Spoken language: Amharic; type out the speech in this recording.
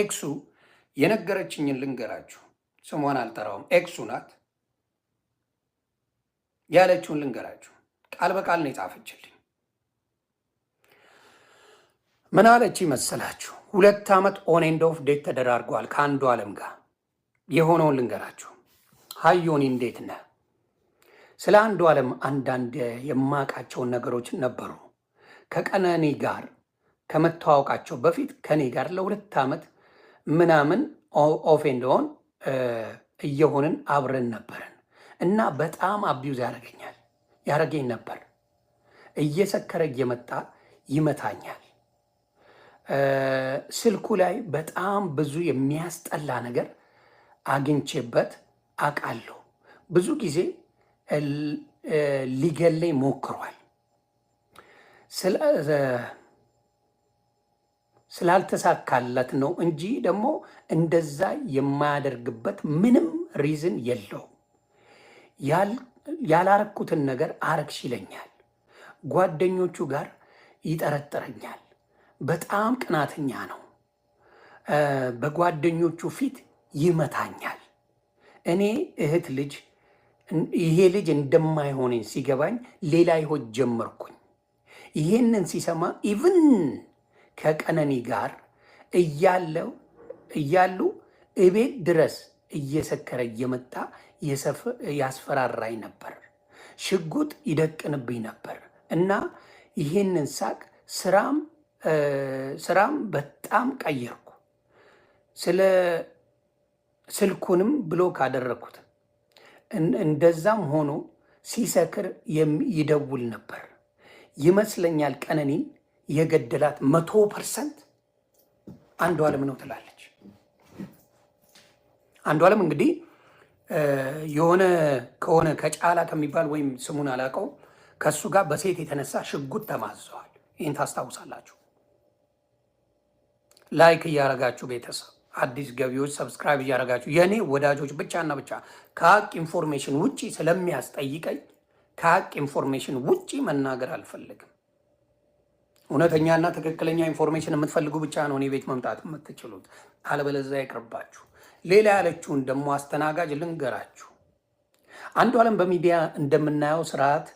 ኤክሱ የነገረችኝን ልንገራችሁ። ስሟን አልጠራውም። ኤክሱ ናት ያለችውን ልንገራችሁ። ቃል በቃል ነው የጻፈችልኝ። ምን አለች መሰላችሁ? ሁለት ዓመት ኦኔንድ ኦፍ ዴት ተደራርጓል ከአንዱ ዓለም ጋር የሆነውን ልንገራችሁ። ሀዮኒ እንዴት ነ? ስለ አንዱ ዓለም አንዳንድ የማውቃቸውን ነገሮች ነበሩ። ከቀነኒ ጋር ከመተዋወቃቸው በፊት ከኔ ጋር ለሁለት ዓመት ምናምን ኦፍ ኤንድ እየሆንን አብረን ነበርን እና በጣም አቢዩዝ ያደረገኛል ያደረገኝ ነበር። እየሰከረ እየመጣ ይመታኛል። ስልኩ ላይ በጣም ብዙ የሚያስጠላ ነገር አግኝቼበት አውቃለሁ። ብዙ ጊዜ ሊገለኝ ሞክሯል። ስላልተሳካላት ነው እንጂ ደግሞ እንደዛ የማያደርግበት ምንም ሪዝን የለው። ያላረኩትን ነገር አረግሽ ይለኛል። ጓደኞቹ ጋር ይጠረጥረኛል። በጣም ቅናተኛ ነው። በጓደኞቹ ፊት ይመታኛል። እኔ እህት ልጅ ይሄ ልጅ እንደማይሆነኝ ሲገባኝ ሌላ ይሆን ጀመርኩኝ። ይሄንን ሲሰማ ኢቭን ከቀነኒ ጋር እያለው እያሉ እቤት ድረስ እየሰከረ እየመጣ ያስፈራራኝ ነበር፣ ሽጉጥ ይደቅንብኝ ነበር እና ይህንን ሳቅ ስራም ስራም በጣም ቀየርኩ። ስለ ስልኩንም ብሎክ አደረግኩት። እንደዛም ሆኖ ሲሰክር ይደውል ነበር ይመስለኛል ቀነኒን የገደላት መቶ ፐርሰንት አንዱ ዓለም ነው ትላለች። አንዱ ዓለም እንግዲህ የሆነ ከሆነ ከጫላ ከሚባል ወይም ስሙን አላቀው ከእሱ ጋር በሴት የተነሳ ሽጉጥ ተማዝዘዋል። ይህን ታስታውሳላችሁ። ላይክ እያረጋችሁ ቤተሰብ አዲስ ገቢዎች ሰብስክራይብ እያረጋችሁ የእኔ ወዳጆች ብቻና ብቻ ከሀቅ ኢንፎርሜሽን ውጭ ስለሚያስጠይቀኝ ከሀቅ ኢንፎርሜሽን ውጭ መናገር አልፈልግም። እውነተኛና ትክክለኛ ኢንፎርሜሽን የምትፈልጉ ብቻ ነው እኔ ቤት መምጣት የምትችሉት፣ አለበለዚያ ይቅርባችሁ። ሌላ ያለችውን ደግሞ አስተናጋጅ ልንገራችሁ። አንዱ አለም በሚዲያ እንደምናየው ስርዓት